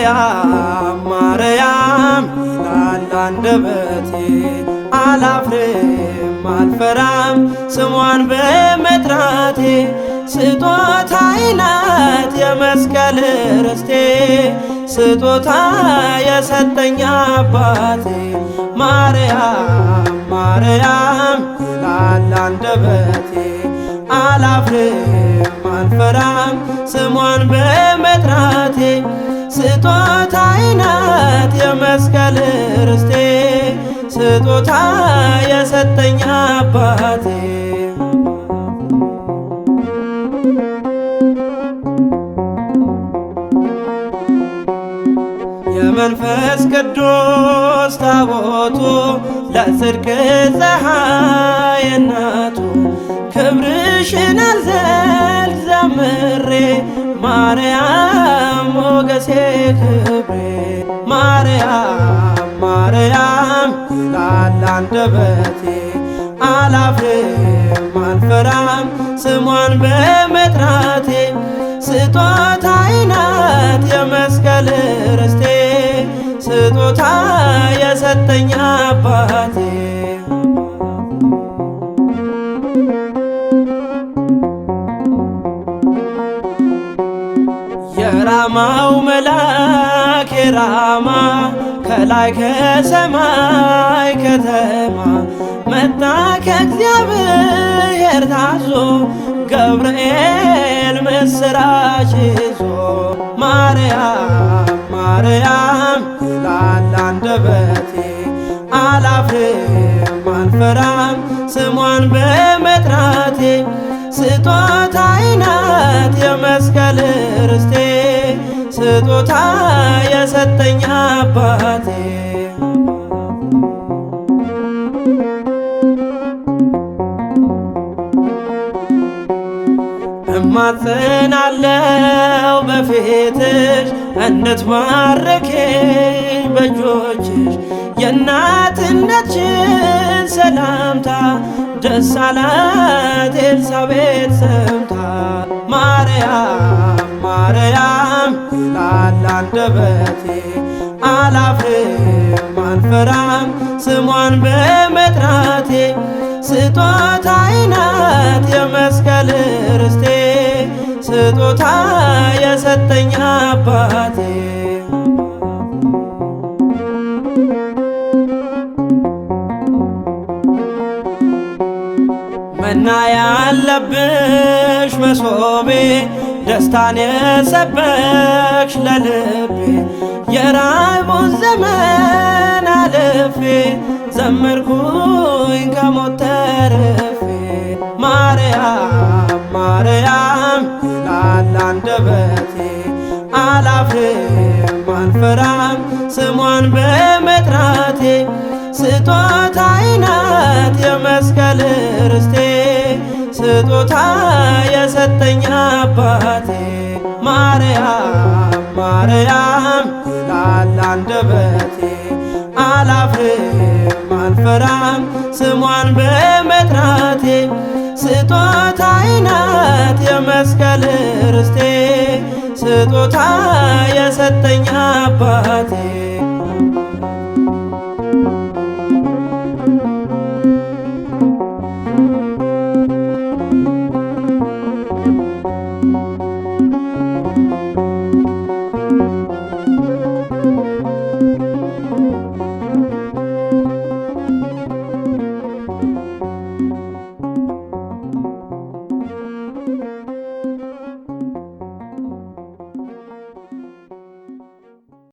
Yeah. አንደበቴ አላፍርም አልፈራም ስሟን በመጥራቴ ስጦታ ናት የመስቀል ርስቴ ስጦታ የሰጠኝ አባቴ ማርያም ማርያም ይላል አንደበቴ አላፍርም አልፈራም ስሟን በመጥራቴ ስጦታ ናት የመስቀል ስጦታ የሰጠኝ አባቴ የመንፈስ ቅዱስ ታቦቱ ለጽድቅ ፀሐይ እናቱ ክብርሽን አልዘልቅ ዘምሬ ማርያም ሞገሴ ክብሬ አንደበቴ አላፍርም አልፈራም ስሟን በመጥራቴ ስጦታ አይናት የመስቀል ርስቴ ስጦታ የሰጠኝ አባቴ የራማው መላክ የራማ ከላይ ከሰማይ ከተማ መጣ ከእግዚአብሔር ታዞ ገብርኤል ምስራች ይዞ ማርያም ማርያም ይላል አንደበቴ አላፍርም አልፈራም ስሟን በመጥራቴ ስጦታዬ ናት የመስቀል ርስቴ ስጦታ የሰጠኝ አባቴ እማጽናለው በፊትሽ እንድትባርኪኝ በእጆችሽ የእናትነትሽን ሰላምታ ደስ አላት ኤልሳቤጥ ሰምታ ማርያም ማርያም ይላል አንደበቴ አላፍርም አልፈራም ስሟን በመጥራቴ ስጦታዬ ናት የመስቀል ርስቴ ስጦታ የሰጠኝ አባ እውቅና ያለብሽ መሶቤ ደስታን የሰበክሽ ለልቤ የራቡን ዘመን አልፌ ዘመርኩኝ ከሞት ተርፌ ማርያም ማርያም ይላል አንደበቴ አላፍርም አልፈራም ስሟን በመጥራቴ ስጦታ አይናት የመስቀል ርስቴ ስጦታ የሰጠኝ አባቴ ማርያም ማርያም ይላል አንደበቴ አላፍርም አልፈራም ስሟን በ